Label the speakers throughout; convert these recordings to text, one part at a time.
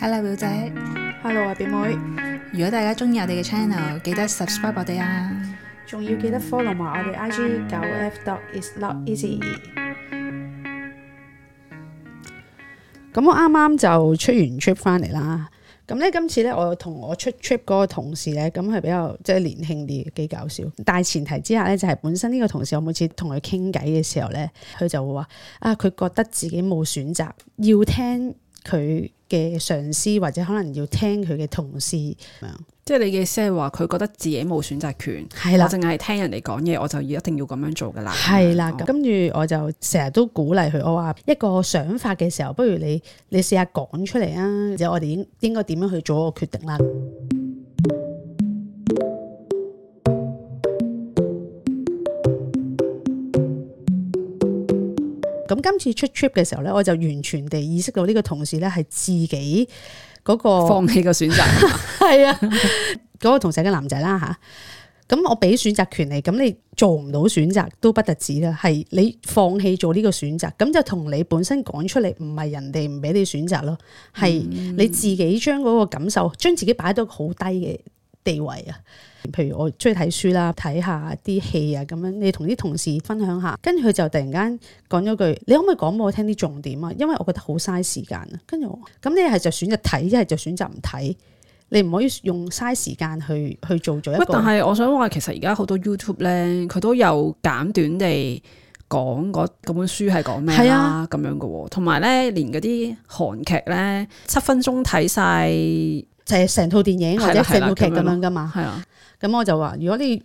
Speaker 1: hello 表姐，hello 啊表妹，如果大家中意我哋嘅 channel，記得 subscribe 我哋啊，仲要記得 follow 埋我哋 IG
Speaker 2: 九 F dot is not easy。咁、嗯、我啱啱就出完 trip 翻嚟啦，咁咧今次咧我同我出 trip 嗰個同事咧，咁係比較即係年輕啲，幾搞笑。但大前提之下咧，就係、是、本身呢個同事，我每次同佢傾偈嘅時候咧，佢就會話啊，佢覺得自己冇選擇，要聽。佢嘅上司或者可能要聽佢嘅同事，
Speaker 1: 即係你嘅意思係話佢覺得自己冇選擇權，係啦的，淨係聽人哋講嘢，我就一定要咁樣做噶啦，係啦的。咁
Speaker 2: 跟住我就成日都鼓勵佢，我話一個想法嘅時候，不如你你試下講出嚟啊，就我哋應應該點樣去做一個決定啦。 咁今次出 trip 嘅時候咧，我就完全地意識到呢個同事咧係自己嗰個放棄個選擇，係 啊，嗰、那個同事嘅男仔啦吓。咁、啊、我俾選擇權利，咁你做唔到選擇都不特止啦，係你放棄做呢個選擇，咁就同你本身講出嚟，唔係人哋唔俾你選擇咯，係你自己將嗰個感受，將自己擺到好低嘅地位啊。譬如我中意睇書啦，睇下啲戲啊咁樣，你同啲同事分享下，跟住佢就突然間講咗句：你可唔可以講俾我聽啲重點啊？因為我覺得好嘥時間啊。跟住我，咁你係就選擇睇，一係就是，選擇唔睇。你唔可以用嘥時間去去做咗一個。但係
Speaker 1: 我想話，其實而家好多 YouTube 咧，佢都有簡短地講嗰本書係講咩，係啊咁樣嘅喎，同埋咧連嗰啲韓劇咧七分鐘睇晒。就成套電影或者成套劇咁樣
Speaker 2: 㗎嘛，咁的我就話：如果你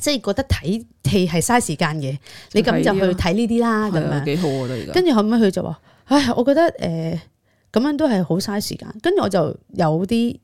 Speaker 2: 即係覺得睇戲係嘥時間嘅，啊、你咁就去睇呢啲啦。咁的樣幾
Speaker 1: 好啊！都而家。跟住
Speaker 2: 後尾佢就話：唉，我覺得誒咁、呃、樣都係好嘥時間。跟住我就有啲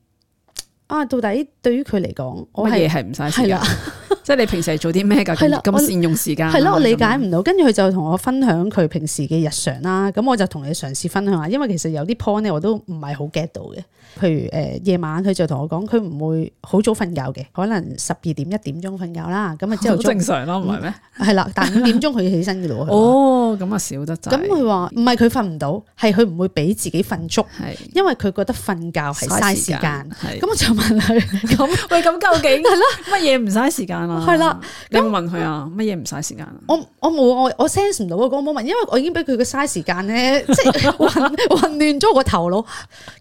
Speaker 2: 啊，到底對於佢嚟講，我係係唔嘥時間
Speaker 1: 的。 即係你平時係做啲咩噶？咁善用時間係咯，我理解唔
Speaker 2: 到。跟住佢就同我分享佢平時嘅日常啦。咁我就同你嘗試分享下，因為其實有啲 point 咧，我都唔係好 get 到嘅。譬如誒，夜晚佢就同我講，佢唔會好早瞓覺嘅，可能十二點一點鐘瞓覺啦。咁啊，好正常咯，唔係咩？係啦，但係五點鐘佢要起身嘅咯。哦，
Speaker 1: 咁啊少得。咁佢
Speaker 2: 話唔係佢瞓唔到，係佢唔會俾自己瞓足，係因為佢覺得瞓覺係嘥時間。咁我就問
Speaker 1: 佢：咁喂，咁究竟係咯乜嘢唔嘥時間啊？係啦，你問佢啊，乜嘢唔嘥時間啊？
Speaker 2: 我我冇，我我 sense 唔到啊，我冇問，因為我已經俾佢個嘥時間咧， 即係混混亂咗個頭腦，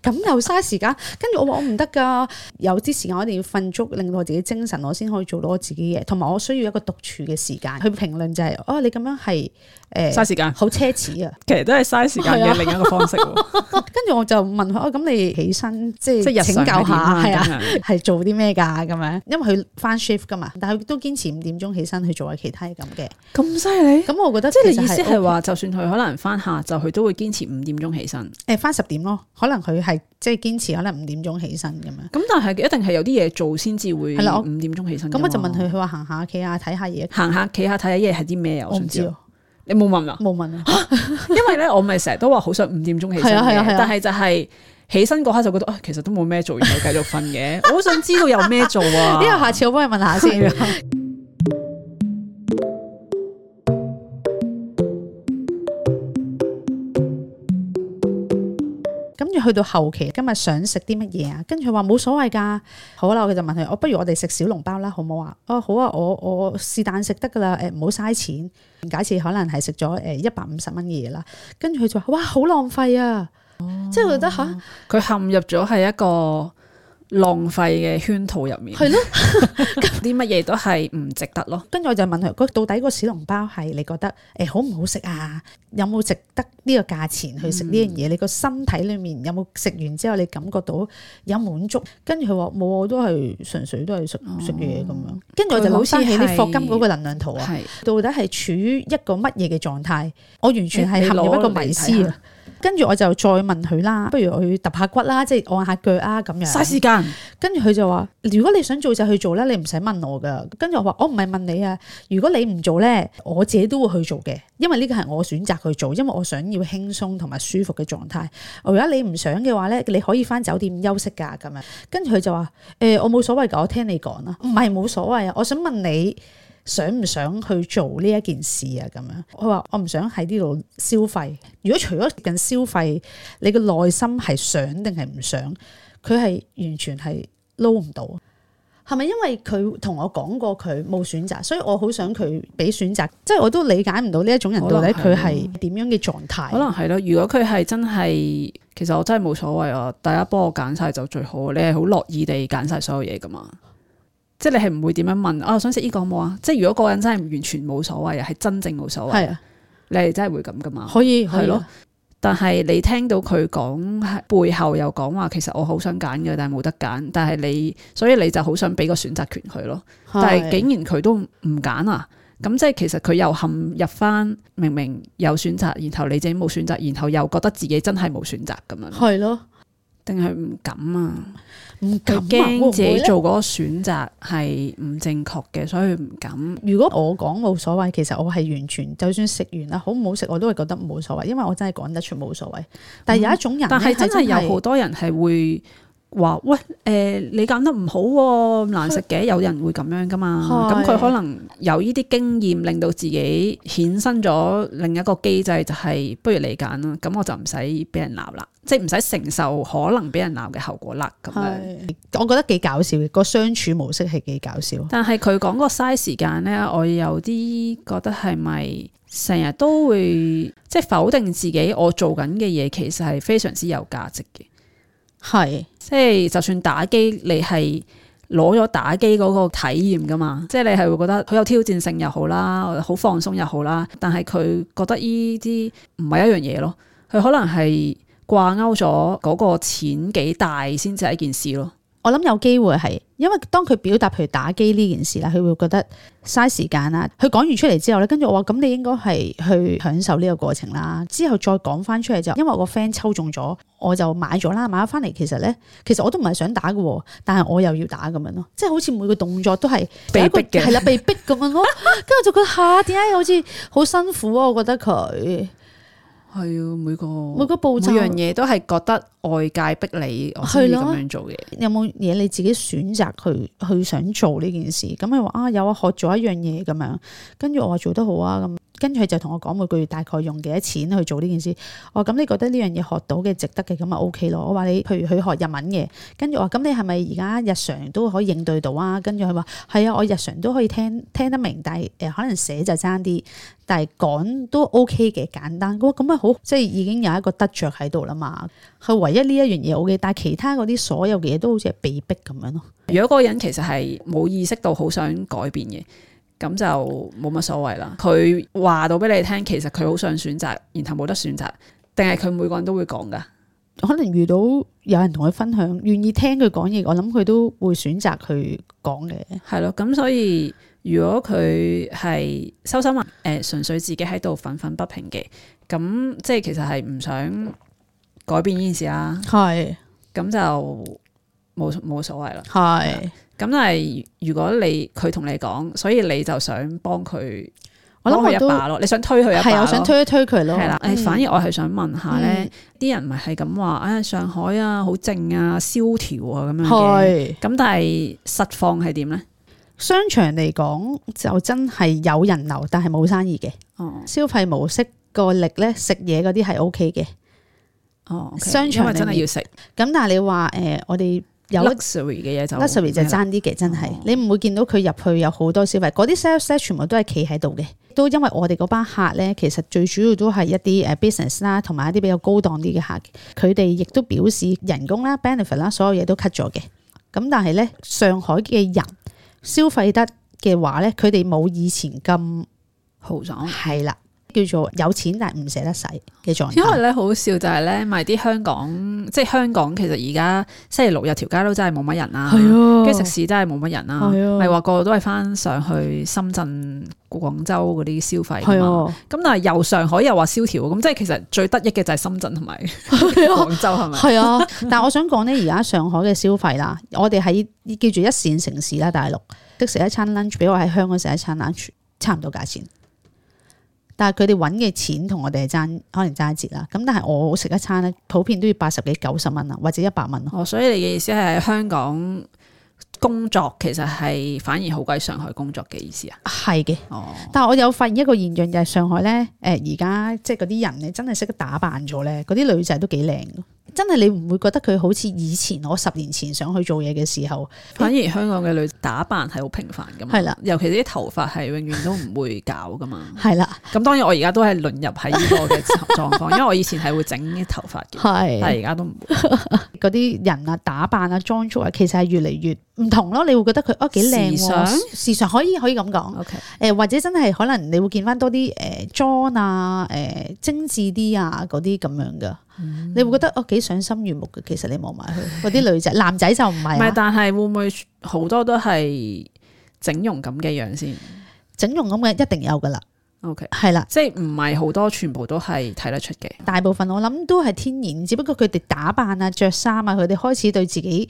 Speaker 2: 咁又嘥時間。跟住我話我唔得噶，有啲時間我一定要瞓足，令到我自己精神，我先可以做到我自己嘅。同埋我需要一個獨處嘅時間。去評論就係、是，哦、啊，你咁樣係誒嘥時間，好奢侈啊。
Speaker 1: 其實都係嘥時間嘅另一個方式。
Speaker 2: 跟住我就問佢，哦、啊，咁你起身即係請教下，係啊，係做啲咩噶咁樣？ 因為佢翻 shift 噶嘛，但係。都堅持五點鐘起身去做下其他嘢咁嘅，咁犀利？咁
Speaker 1: 我覺得，即係你意思係話，我就算佢可能翻下晝，佢都會堅持五點鐘起身。
Speaker 2: 誒，翻十點咯，可能佢係即係堅持可能五點鐘起身咁樣。咁
Speaker 1: 但係一定係有啲嘢做先至會係啦。五點鐘起身，咁我就問佢，佢話行下企下睇下嘢，看看行下企下睇下嘢係啲咩啊？我唔知，你冇問啦，冇問啊。因為咧，我咪成日都話好想五點鐘起身但係就係。起身嗰刻就覺得啊，其實都冇咩做，然後繼續瞓嘅。 我好想知道有咩做啊！呢個 下次我幫你問下先。
Speaker 2: 咁住去到後期，今日想食啲乜嘢啊？跟住佢話冇所謂㗎。好啦，我哋就問佢，我不如我哋食小籠包啦，好唔好啊？哦，好啊，我我是但食得㗎啦。誒，唔好嘥錢。假設可能係食咗誒一百五十蚊嘢啦，跟住佢就話：哇，好浪
Speaker 1: 費啊！即係覺得吓，佢、哦啊、陷入咗係一個浪費嘅圈套入面，係咯是的，啲乜嘢都係唔值得咯。跟住我就問佢，到
Speaker 2: 底個小籠包係你覺得誒好唔好食啊？有冇值得呢個價錢去食呢樣嘢？嗯、你個身體裏面有冇食完之後你感覺到有滿足？跟住佢話冇，我都係純粹都係食食嘢咁樣。跟住、嗯、我就好似係，啲霍金嗰個能量圖啊，嗯、的到底係處於一個乜嘢嘅狀態？我完全係陷入一個迷思啊！嗯跟住我就再問佢啦，不如我去揼下骨啦，即係按下腳啊咁樣，嘥時間。跟住佢就話，如果你想做就去做啦，你唔使問我噶。跟住我話，我唔係問你啊，如果你唔做咧，我自己都會去做嘅，因為呢個係我選擇去做，因為我想要輕鬆同埋舒服嘅狀態。如果你唔想嘅話咧，你可以翻酒店休息噶咁樣。跟住佢就話，誒、呃，我冇所謂噶，我聽你講啦。唔係冇所謂啊，我想問你。想唔想去做呢一件事啊？咁樣，佢話我唔想喺呢度消費。如果除咗近消費，你嘅內心係想定係唔想？佢係完全係撈唔到，係咪因為佢同我講過佢冇選擇，所以我好想佢俾選擇。
Speaker 1: 即係我都理解唔到呢一種人到底佢係
Speaker 2: 點樣嘅狀態。可
Speaker 1: 能係咯，如果佢係真係，其實我真係冇所謂啊！大家幫我揀晒就最好。你係好樂意地揀晒所有嘢㗎嘛？即係你係唔會點樣問，我想食呢個冇啊！這個、即係如果個人真係完全冇所謂，係真正冇所謂，是啊、你係真係會咁噶嘛？可以係咯吧。是啊、但係你聽到佢講喺背後又講話，其實我好想揀嘅，但係冇得揀。但係你，所以你就好想俾個選擇權佢咯。
Speaker 2: 但係竟然
Speaker 1: 佢都唔揀是啊！咁即係其實佢又陷入翻，明明有選擇，然後你自己冇選擇，然後又覺得自己真係冇選擇咁樣。係咯。定係唔敢啊？唔敢啊，驚自己做嗰個選擇係唔正確嘅，所以唔敢。如果我講冇
Speaker 2: 所謂，其實我係完全就算食完啦，好唔好食我都會覺得冇所謂，因為我真係講得出冇所謂。
Speaker 1: 但係有一種人，嗯，但係真係有好多人係會。話喂，誒、呃，你揀得唔好，啊，難食嘅。是有人會咁樣㗎嘛。咁佢是可能有呢啲經驗，令到自己衍生咗另一個機制，就係、是、不如你揀啦。咁我就唔使俾人鬧啦，即係唔使承受可能俾人鬧嘅後果啦。咁
Speaker 2: 樣，我覺得幾搞笑嘅，個相處模式係幾搞笑。
Speaker 1: 但係佢講個嘥時間咧，我有啲覺得係咪成日都會即係、就是、否定自己？我做緊嘅嘢其實係非常之有價值嘅。係，是即係就算打機，你係攞咗打機嗰個體驗噶嘛？即係你係會覺得好有挑戰性又好啦，好放鬆又好啦。但係佢覺得依啲唔係一樣嘢咯，佢可能係掛鈎咗嗰個錢幾大先至係一件事咯。我諗有機
Speaker 2: 會係，因為當佢表達，譬如打機呢件事啦，佢會覺得嘥時間啦。佢講完出嚟之後咧，跟住我話咁你應該係去享受呢個過程啦。之後再講翻出嚟就，因為我個 friend 抽中咗，我就買咗啦。買咗翻嚟其實咧，其實我都唔係想打嘅，但係我又要打咁樣咯。即係好似每個動作都係俾逼，係啦，係啊，被逼咁樣咯。跟住 我就覺得下，點解好似好辛苦啊？我覺得佢係啊，每個每個步驟樣嘢
Speaker 1: 都係覺得。外界逼你我先咁樣做
Speaker 2: 嘢。有冇嘢你自己選擇去去想做呢件事？咁佢話啊，有啊，學咗一樣嘢咁樣，跟住我話做得好啊，咁跟住佢就同我講每個月大概用幾多錢去做呢件事。我話咁你覺得呢樣嘢學到嘅值得嘅，咁啊 OK 咯。我話你譬如去學日文嘅，跟住我話咁你係咪而家日常都可以應對到啊？跟住佢話係啊，我日常都可以聽聽得明，但係誒可能寫就爭啲，但係講都 OK 嘅簡單。哇，咁啊好，即係已經有一個得着
Speaker 1: 喺度啦嘛，去一呢一樣嘢我嘅，但係其他嗰啲所有嘅嘢都好似係被逼咁樣咯。如果嗰個人其實係冇意識到好想改變嘅，咁就冇乜所謂啦。佢話到俾你聽，其實佢好想選擇，然後冇得選擇，定係佢每個人都會講噶？
Speaker 2: 可能遇到有人同佢分享，願意聽佢講嘢，我諗佢都
Speaker 1: 會選擇去講嘅。係咯，咁所以如果佢係收心啊，誒、呃，純粹自己喺度憤憤不平嘅，咁即係其實係唔想。改變呢件事啦，係咁是就冇冇所謂啦。係咁是，但係如果你佢同你講，所以你就想幫佢，我諗佢一把咯，你想推佢一把，係我想推一推佢咯。係啦，誒，反而我係想問下咧，啲、嗯、人咪係咁話啊，上海啊，好靜啊，蕭條啊咁樣嘅。係咁是，但係實況係點咧？
Speaker 2: 商場嚟講就真係有人流，但係冇生意嘅。嗯、消費模式個力咧，食嘢嗰啲係 O K 嘅。
Speaker 1: 哦，okay, 商場真係要食，
Speaker 2: 咁但係你話誒、呃，我哋有 luxury
Speaker 1: 嘅嘢就 luxury 就爭
Speaker 2: 啲嘅，真係、哦、你唔會見到佢入去有好多消費，嗰啲 sales 咧全部都係企喺度嘅，都因為我哋嗰班客咧，其實最主要都係一啲誒 business 啦，同埋一啲比較高檔啲嘅客，佢哋亦都表示人工啦、benefit 啦，所有嘢都 cut 咗嘅，咁但係咧上海嘅人消費得嘅話咧，佢哋冇以前咁豪爽壯，係啦。叫做有錢但唔捨得使嘅狀態。因為
Speaker 1: 咧好笑就係咧，咪啲香港即係香港，香港其實而家星期六日條街都真係冇乜人啦。係啊，跟住、啊、食市真係冇乜人啦。係啊，咪話、啊、個個都係翻上去深圳、廣州嗰啲消費㗎嘛。咁、啊、但係由上海又話蕭條，咁即係其實最得益嘅就係深圳同埋廣州係咪？係啊， 啊。
Speaker 2: 但係我想講咧，而家上海嘅消費啦， 我哋喺叫做「一線城市」啦，大陸食食一餐 lunch，比我喺香港食一餐 lunch 差唔多價錢。但係佢哋揾嘅錢同我哋係爭，可能爭一截啦。咁但係我食一餐咧，普遍都要八十幾、九十蚊啊，或者一百蚊咯。哦，所
Speaker 1: 以你嘅意思係香港工作，其實係反而好過上海工作嘅意思啊？係嘅。哦，
Speaker 2: 但係我有發現一個現象，就係上海咧，誒而家即係嗰啲人咧，真係識得打扮咗咧，嗰啲女仔都幾靚真係你唔會覺得佢好似以前我十年前想去做嘢嘅時候，反而香
Speaker 1: 港嘅女打扮係好平凡噶嘛。係啦的，尤其啲頭髮係永遠都唔會搞噶嘛。係啦的，咁當然我而家都係淪入喺呢個嘅狀況， 因為我以前係會整啲頭髮嘅，的但係而家都唔會。
Speaker 2: 嗰啲 人啊，打扮啊，裝束啊，其實係越嚟越。唔同咯，你會覺得佢哦幾靚喎，時尚可以可以咁講。誒或者真係可能你會見翻多啲誒妝啊誒精緻啲啊嗰啲咁樣嘅，你會覺得哦幾賞心悅目嘅。其實你望埋佢嗰啲女仔，男仔就唔係。唔係，但係會唔會
Speaker 1: 好多都係整容咁嘅樣先？整容咁嘅一定有噶啦。OK，係啦，即係唔係好多全部都係睇得出嘅？大部分我諗都係
Speaker 2: 天然，只不過佢哋打扮啊、着衫啊，佢哋開始對自己。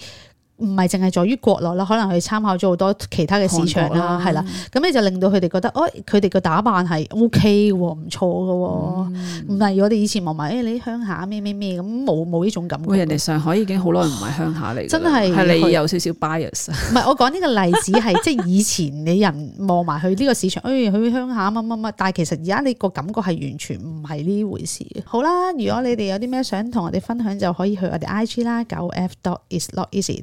Speaker 2: 唔係淨係在於國內啦，可能佢參考咗好多其他嘅市場啦，係啦、啊，咁你的、嗯、就令到佢哋覺得，哎，佢哋個打扮係 O K 喎，唔錯嘅喎，唔係、嗯、我哋以前望埋，哎，你啲鄉下咩咩
Speaker 1: 咩咁，冇冇呢種感覺。喂，人哋上海已經好耐唔係鄉下嚟，真係係你有少少 bias。
Speaker 2: 唔係，我講呢個例子係即係以前你人望埋去呢個市場，哎，佢鄉下乜乜乜，但係其實而家你個感覺係完全唔係呢回事。好啦，如果你哋有啲咩想同我哋分享，就可以去我哋 I G 啦，九 F dot is not easy